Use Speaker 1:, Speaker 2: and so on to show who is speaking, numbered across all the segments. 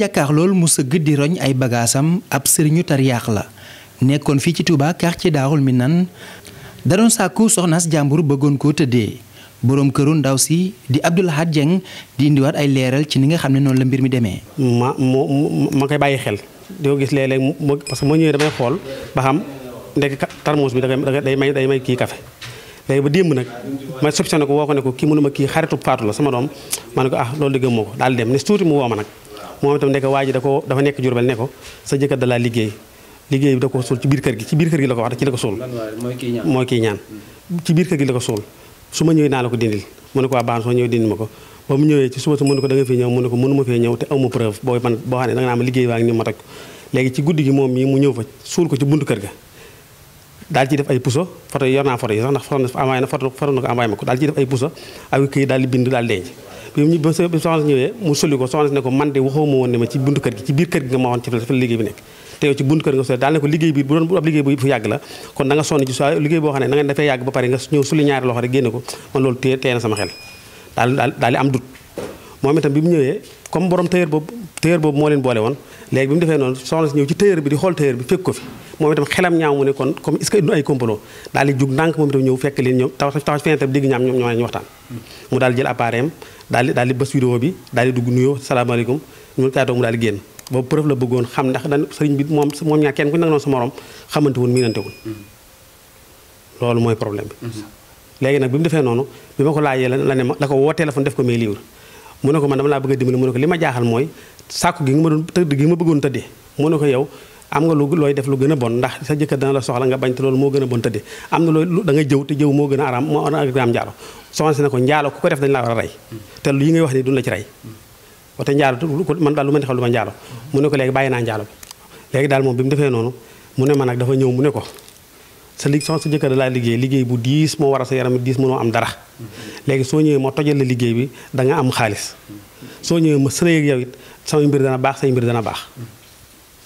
Speaker 1: jàkkaar loolu mu sëgg di roñ ay bagaasam ab sëriñu tariyaax la nekkoon fii ci ci daaxul mi nan da doon sàkku soxnaas jàmbur bëggoon ko tëddee boroom këru ndaw si di Abdou Lahad Dieng di indiwaat ay
Speaker 2: leeral ci ni nga xam ne noonu la mbir mi demee. ma ma koy bàyyi xel di ko gis léeg-léeg mu parce que ñëwee damay xool ba xam ndekk tarmuus bi da day may day may kii kafe léegi ba démb nag ma soppise ne ko woo ko ne ko kii mënuma kii xaritu Faatu la sama doom ma ne ah, loolu dëgg moo ko daal dem moom itam nekk waa ji da ko dafa nekk Jurbel ne ko sa jëkkër da liggéey liggéey bi da ko suul ci biir kër gi ci biir kër gi la ko wax ci la ko suul mooy kii ñaan ci biir kër gi la ko suul su ma ñëwee naa la ko dindil mu ne ko waa baax soo ñëwee dindil ma ko ba mu ñëwee ci suba sa mu ne ko da nga fi ñëw mu ne ko mënuma fee ñëw te awma preuve boo man boo xam ne da nga naa ma liggéey waa ngi ni ma toj léegi ci guddi gi moom mii mu ñëw fa suul ko ci buntu daal ci def ay puso photo yi yor naa photo yi sax ndax photo na envoyé na ko daal ci def ay puso ak daal di bind daal denc bi mu ba soxna si ñëwee mu soli ko soxna si ne ko man de waxoo woon ne ma ci buntu kër gi ci biir kër gi nga ma waxoon ci fa liggéey bi nekk te ci buntu kër nga soli daal ne ko liggéey boo xam ne da nga yàgg ba pare nga ñëw suli ñaari loxo rek génne ko man loolu téye na sama xel daal daal daal di am dut moom itam bi mu ñëwee comme borom tailleur boobu tailleur boobu moo leen boole woon léegi bi mu defee noonu soxna si moom itam xelam ñaaw mu ne kon comme est-ce que du ay complot daal di jug ndànk moom itam ñëw fekk leen ñoom taw taxaw fenêtre bi dégg ñaam ñoom ñoo ñu waxtaan mu daal jël appareil am daal di daal di bës vidéo bi daal di dugg nuyoo salaamaaleykum ñu la bëggoon xam ndax dañ sëriñ bi moom moom ñaar kenn ku nekk noonu sa morom xamante woon miinante woon loolu mooy problème bi léegi nag bi mu defee noonu bi ma ko laajee la ne ma la ko woo téléphone def ko may livre mu ne ko man dama laa bëgg a dimbali mu ne li ma jaaxal mooy sàkku gi nga ma doon tëdd gi nga ma ko yow am nga lu looy def lu gën a bon ndax sa jëkkër dana la soxla nga bañ te loolu moo gën a bon tëdde am na loolu da nga jëw te jëw moo gën a araam moo araam njaalo soxna ko ko def dañ a rey te lu yi ngay wax ni duñ la ci rey wate man daal lu ma ne xew lu ma njaalo mu ko léegi bàyyi naa njaalo bi moom bi mu defee noonu mu ne ma nag dafa ñëw mu ne ko sa lig soxna sa jëkkër da laa liggéey liggéey bu diis moo war sa yaram diis mënoo am dara léegi soo ñëwee moo tojal la liggéey bi danga am xaalis soo ñëwee ma sëy ak yow it sama mbir dana baax sa mbir dana baax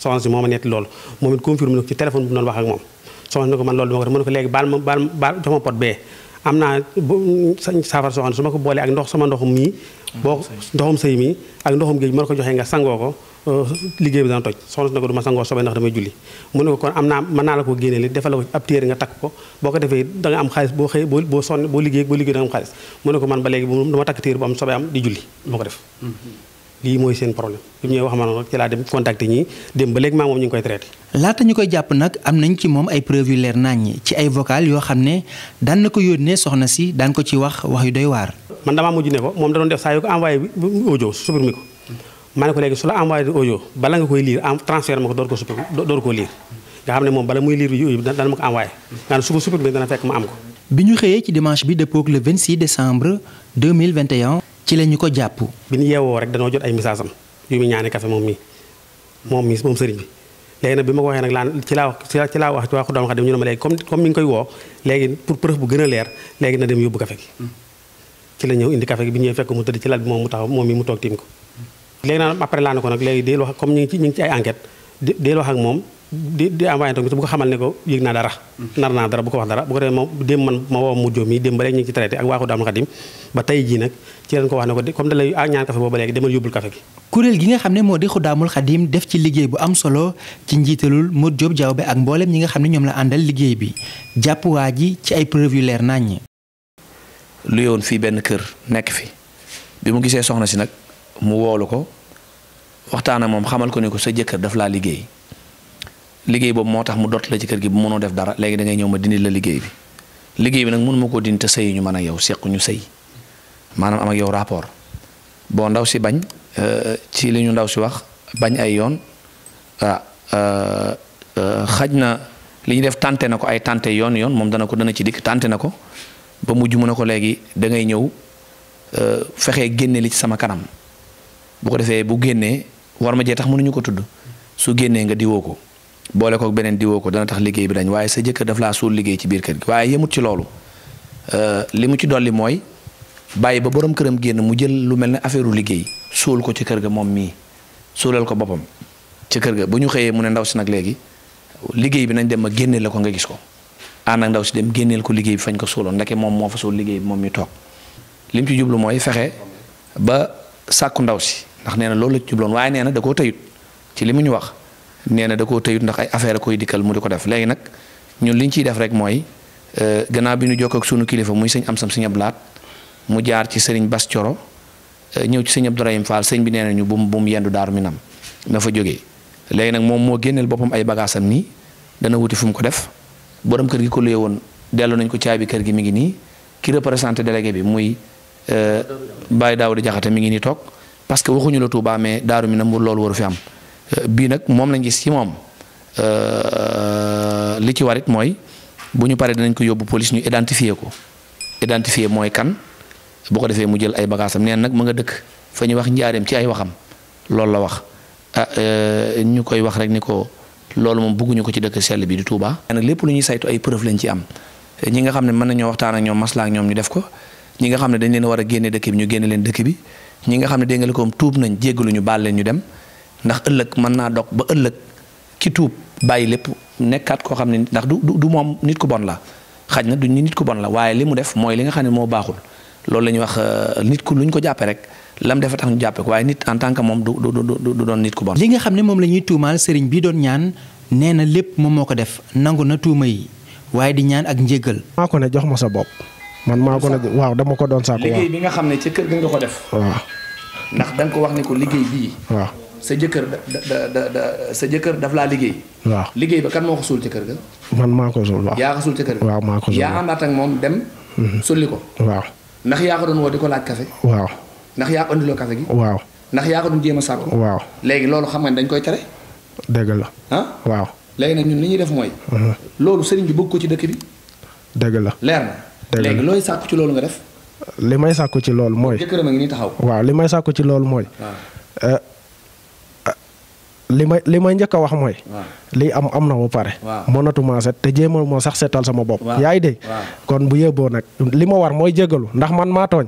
Speaker 2: soxna si moo ma netti loolu moom it confirmé na ko ci téléphone bu doon wax ak moom soxna si ne ko man loolu duma ko def mu ne ko su ma ko boolee ndox sama ndoxum mii boo ndoxum sëy mii ak ndoxum géej mën ko joxee nga sangoo ko euh, liggéey bi dana toj soxna si ne ko du ko kon am naa mën naa la ko ko ab téere nga boo am xaalis boo xëy boo boo sonn boo liggéey boo liggéey da nga am xaalis mu ne ko man ba léegi bu ma takk téere bu am sobee am di julli du ko def mm-hmm. lii mooy seen problème bi mu wax ma nag laa dem
Speaker 1: ñu koy jàpp nag am nañ ci moom ay preuve yu leer naññ ci ay vocal yoo xam ne daan na ko yónnee soxna si daan ko ci wax wax yu doy waar.
Speaker 2: man damaa mujj ne ko moom da doon def saa yu ko envoyé audio supprimer ko maa ko léegi su la envoyé audio bala nga koy lire en ma ko door ko supprimer door koo lire nga xam ne moom bala muy lire yu dana ma ko envoyé nga ne su ko supprimer dana ko.
Speaker 1: ci la ko jàpp.
Speaker 2: bi ñu yeewoo rek danoo jot ay message yu mu ñaane kafe moom mi moom mi moom sëriñ bi léegi nag bi ma ko waxee nag laan ci laa wax ci laa wax ci waa Xudamul ñu ne ma léegi comme comme mi ngi koy woo léegi pour preuve bu gën a leer léegi na dem yóbbu kafe gi. Mm. ci la indi kafe gi bi ñëwee fekk mu tëdd ci lal bi moom mu taxaw moom mi mu toog tiim ko. léegi nag après laa ne ko nag léegi deel wax comme ñu ngi ci ñu ngi ci ay wax ak moom di di envoyé tamit bu ko xamal ne ko yëg naa dara nar naa dara bu ko wax dara bu ko defee moom démb man ma woo mu jóom yi démb ba léegi ñu ci traité ak waaxu daam xadim ba tey jii nag ci leen ko wax ne ko comme da lay ak ñaan café boobu ba léegi demal yóbbul gi
Speaker 1: kuréel xam ne moo di Xudaamul Xadim def ci liggéey bu am solo ci njiitalul Modou Diop Diawbe ak mboolem ñi nga xam ne ñoom la àndal liggéey bi jàpp waa ji ci ay
Speaker 3: preuve yu leer naññi lu yoon fii benn kër nekk fi bi mu gisee soxna si nag mu woolu ko waxtaan ak moom xamal ko ne ko sa jëkkër daf laa liggéey liggéey boobu moo tax mu dott la ci kër gi bu mënoo def dara léegi dangay ngay ñëw ma dindi la liggéey bi liggéey bi nag mënuma koo dindi te sëy ñu mën ak yow seq ñu sëy maanaam am ak yow rapport boo ndaw si bañ euh, ci li ñu ndaw si wax bañ ay yoon ah euh, euh, xaj na li ñu def tànte na ko ay tànte yoon yoon moom dana ko dana ci dikk tànte na ko ba mujj mu ne ko léegi da ngay ñëw fexe génne li ci sama kanam bu ko defee bu génnee war ma jee tax mënuñu ko tudd su génnee nga diwoo ko. boole kook beneen diwoo ko dana tax liggéey bi dañ waaye sa jëkkër daf laa suul liggéey ci biir kër gi waaye yemut ci loolu euh, li mu ci dolli mooy bàyyi ba borom këram génn mu jël lu mel ne affaire liggéey suul ko ci kër ga moom mii suulal ko boppam ci kër ga bu ñu xëyee mu ne ndaw si nag léegi liggéey bi nañ dem ma génneel la ko nga gis ko ànd ndaw si dem génneel ko liggéey bi fañ ko suuloon ndeke moom moo fa suul liggéey bi moom mi toog li mu ci jublu mooy fexe ba sàkku ndaw si ndax nee na loolu la ci waaye nee na da koo tëyut ci li mu ñu wax nee na da koo tëyut ndax ay affaire koy dikkal mu di ko def léegi nag ñun li ñu ciy def rek mooy euh, gannaaw bi nu jokk ak sunu kilifa muy sëñ am sam sëñ Ablaat mu jaar ci sëriñ Bas Coro euh, ñëw ci sëñ Abdourahim Fall sëñ bi nee nañu bu mu bu yendu daaru minam na fa jógee léegi nag moom moo génneel boppam ay bagaasam nii dana wuti fu mu ko def borom kër gi ko luye woon dellu nañ ko bi kër gi mi ngi nii ki représenté délégué bi muy euh, Baye Daouda Jaxate mi ngi nii toog parce que waxuñu la Touba mais daaru minam loolu waru fi am bii nag moom lañ gis ci moom euh, li ci warit mooy bu ñu paree dinañ ko yóbbu police ñu identifier ko identifier mooy kan boo ko defee mu jël ay bagaasam neen nag mu nga dëkk fa ñu wax njaareem ci ay waxam loolu la wax ah euh, ñu koy wax rek ni ko loolu moom bëgguñu ko ci dëkk sell bi di Touba. nag lépp lu ñuy saytu ay preuve lañ ci am ñi nga xam ne mën nañoo waxtaan ak ñoom maslaa ak ñoom ñu def ko ñi nga xam ne dañ leen war a génne dëkk bi ñu génne leen dëkk bi ñi nga xam ne dégg nga koom tuub nañ jéggalu ñu baal leen ñu dem. ndax ëllëg mën naa dog ba ëllëg ki tuub bàyyi lépp nekkaat koo xam ne ndax du du moom nit ku bon la xaj na du ñu nit ku bon la waaye li mu def mooy li nga xam ne moo baaxul loolu la ñuy wax euh, nit ku lu ko jàppee rek lam defa tax jàppee ko nit en tant que moom du du doon nit ku bon. li nga xam ne moom la ñuy tuumaal sëriñ bi doon
Speaker 1: ñaan nee na lépp moom moo ko def nangu na tuuma yi waaye di ñaan ak njégal
Speaker 2: maa ko ne jox ma sa bopp. man maa ko ne waaw dama ko doon saako. waaw liggéey
Speaker 3: bi nga xam ne ci kër gi ko def. waaw ndax ko wax ne ko liggéey bii. sa jëkkër da da da sa jëkkër daf laa liggéey. waaw liggéey ba kan moo ko suul ci kër ga.
Speaker 2: man maa ko suul waaw. yaa ko suul ci kër ga. waaw maa ko suul yaa
Speaker 3: àndaat ak moom dem. Mhm. sulli ko. waaw ndax yaa ko doon woo di ko laaj café. waaw ndax yaa ko andiloo café gi. waaw ndax yaa ko doon jéem a sàkku. waaw léegi loolu xam nga dañ koy tere. dëgg la. ah waaw. léegi nag ñun li ñuy def mooy. Mhm. loolu sëriñ bi bëgg ko ci dëkk bi. dëgg la leer na. léegi looy sàkku ci loolu nga def.
Speaker 2: li may sàkku ci loolu mooy. jëkkëram a ngi nii taxaw. waaw li may sàkku ci loolu mooy. Ah. Euh, li may li may njëkk a wax mooy. lii am am na mu pare. waaw mënatuma set te jéemal moo sax seetal sama bopp. waaw yaay dégg kon bu yóbboo nag li ma war mooy jégalu ndax man maa tooñ.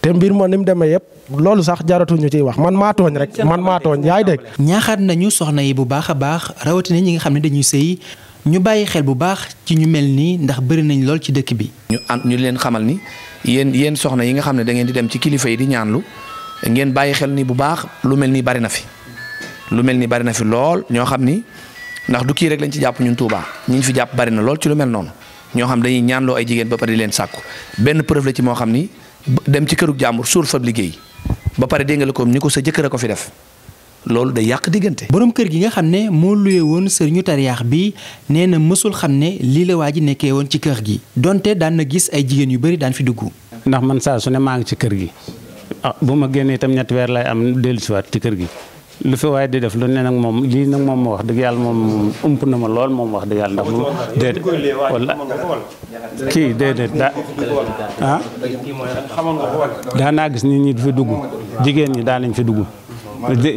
Speaker 2: te mbir ma ni mu demee yëpp loolu sax jaratuñu ciy wax man maa tooñ rek man maa tooñ yaay dégg. ñaaxaat nañu soxna yi bu baax a
Speaker 1: baax rawatina ñi nga xam ne dañuy sëy ñu bàyyi xel bu baax ci ñu mel nii ndax bëri nañ lool ci dëkk bi.
Speaker 3: ñu am ñu leen xamal ni yéen yéen soxna yi nga xam ne da ngeen di dem ci kilifa yi di ñaanlu ngeen bàyyi xel ni bu baax lu mel nii bari na fi lu mel ni bari na fi lool ñoo xam ni ndax du kii rek lañ ci jàpp ñun Touba ñi ñu fi jàpp bari na lool ci lu mel noonu ñoo xam dañuy ñaanloo ay jigéen ba pare di leen sàkku benn preuve la ci moo xam ni dem ci kërug jàmbur suul fab liggéey ba pare dégg nga ko ni ko sa jëkkër ko fi def loolu day yàq diggante. borom kër gi nga xam ne
Speaker 1: moo luye woon sëriñu tariyaax bi nee na mësul xam ne lii la nekkee woon ci kër gi
Speaker 2: donte daan na gis ay jigéen yu bëri daan fi dugg. ndax man saa su ne maa ngi ci kër gi ah bu ma génnee itam ñetti weer lay am dellusiwaat ci kër gi lu fi waaye di def lu ne nag moom lii nag moom wax dëgg yàlla moom ump na ma lool moom wax dëgg yàlla ndax mu déedéet wala kii déedéet da ah gis nit ñi du fi dugg jigéen ñi daan nañ fi dugg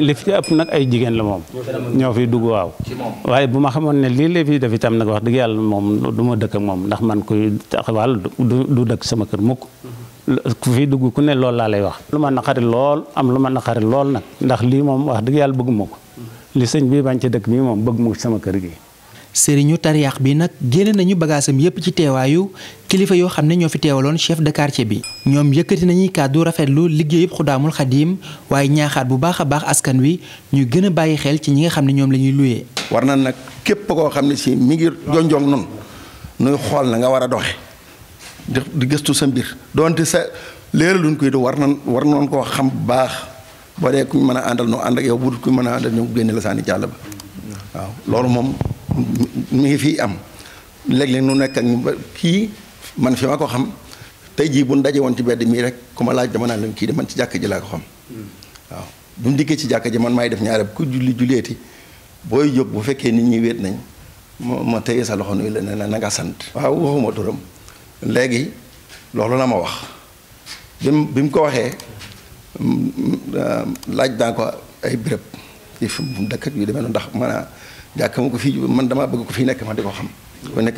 Speaker 2: li fi ëpp nag ay jigéen la moom ñoo fiy dugg waaw waaye bu ma xamoon ne lii la fiy def itam nag wax dëgg yàlla moom du ma dëkk moom ndax man koy taxawal du dëkk sama kër mukk ku fi dugg ku ne loolu laa lay wax lu ma naqari lool am lu ma naqari lool nag ndax lii moom wax dëgg yàlla bëgguma ko li sëñ bi bañ ci dëkk bi
Speaker 1: moom bëgg mu sama kër gi sëriñu tariyaax bi nag génne nañu bagaasam yépp ci teewaayu kilifa yoo xam ne ñoo fi teewaloon chef de quartier bi ñoom yëkkati nañuy kàddu rafetlu liggéeyub Xudaamul Xadiim waaye ñaaxaat bu baax a baax askan wi ñu gën a bàyyi xel ci ñi nga xam ne ñoom la ñuy luyee
Speaker 4: war na nag képp koo xam ne si mi ngi jonjoog noonu nuy xool na nga war a doxe di gëstu sa mbir donte sa léeraluñ ko it war na war noon ko xam baax boo dee kuñ mën a àndal noo ànd ak yow bu dul kuñ mën a àndal ñoom génne la saani jàll ba waaw loolu moom mu ngi fi am léeg leen nu nekk kii man fi ma ko xam tey jii bu daje woon ci bedd mii rek ku ma laaj dama naan leen kii de man ci jàkk ji laa ko xam waaw bu mu ci jàkk ji man maay def ñaare ku julli julleeti booy jóg bu fekkee nit ñi wéet nañ moo ma téye sa loxo nuyu la ne na sant waaw léegi loolu la ma wax bi bi mu ko waxee euh, laaj naa ko ay béréb ci fi mu dëkk yu demee noonu ndax man a jàkka ma ko fii man dama bëgg ko fi nekk ma di ko xam ko nekk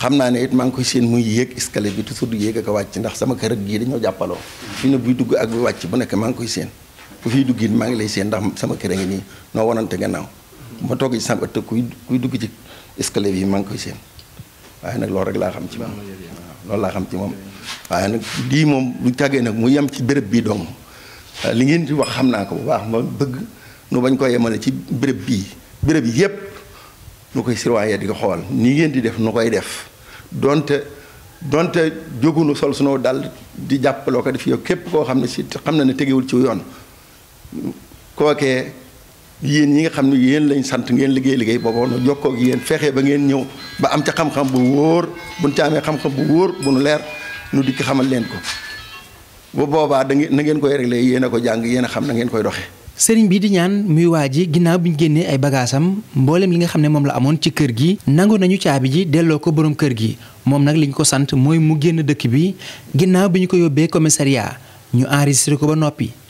Speaker 4: xam naa ne it maa ngi koy seen muy yéeg escalier bi toujours du yéeg ak a wàcc ndax sama kër ak gii dañoo jàppaloo fi ne buy dugg ak buy wàcc bu nekk maa ngi koy seen bu fiy dugg it maa ngi lay seen ndax sama kër a ngi nii noo wanante gannaaw ma toog ci sama ëtt kuy kuy dugg ci escalier bi maa ngi koy seen waaye nag loolu rek laa xam ci moom loolu laa xam ci moom waaye nag lii moom lu tàggee nag mu yem ci béréb bii dong li ngeen di wax xam naa ko bu baax ma bëgg nu bañ ko yemale ci béréb bii béréb yépp nu koy surveiller di ko xool nii ngeen di def nu koy def donte doonte jógunu sol sunu dal di jàppaloo ko def yow képp koo xam ne si xam na ne tegewul ci yoon kookee yéen ñi nga xam ne yéen lañ sant ngeen liggéey liggéey booba nu jokkoo ak yéen fexe ba ngeen ñëw ba am ca xam-xam bu wóor buñ ca xam-xam bu wóor bu nu leer nu dikk xamal leen ko bu boobaa da ngeen na ngeen koy réglé yéen a ko jàng yéen a xam na ngeen koy doxee.
Speaker 1: sëriñ bi di ñaan muy waa ji ginnaaw bi ñu génnee ay bagaasam mboolem li nga xam ne moom la amoon ci kër gi. nangu nañu caabi ji delloo ko boroom kër gi moom nag li ñu ko sant mooy mu génn dëkk bi ginnaaw bi ñu ko yóbbee commissariat ñu enregistré ko ba noppi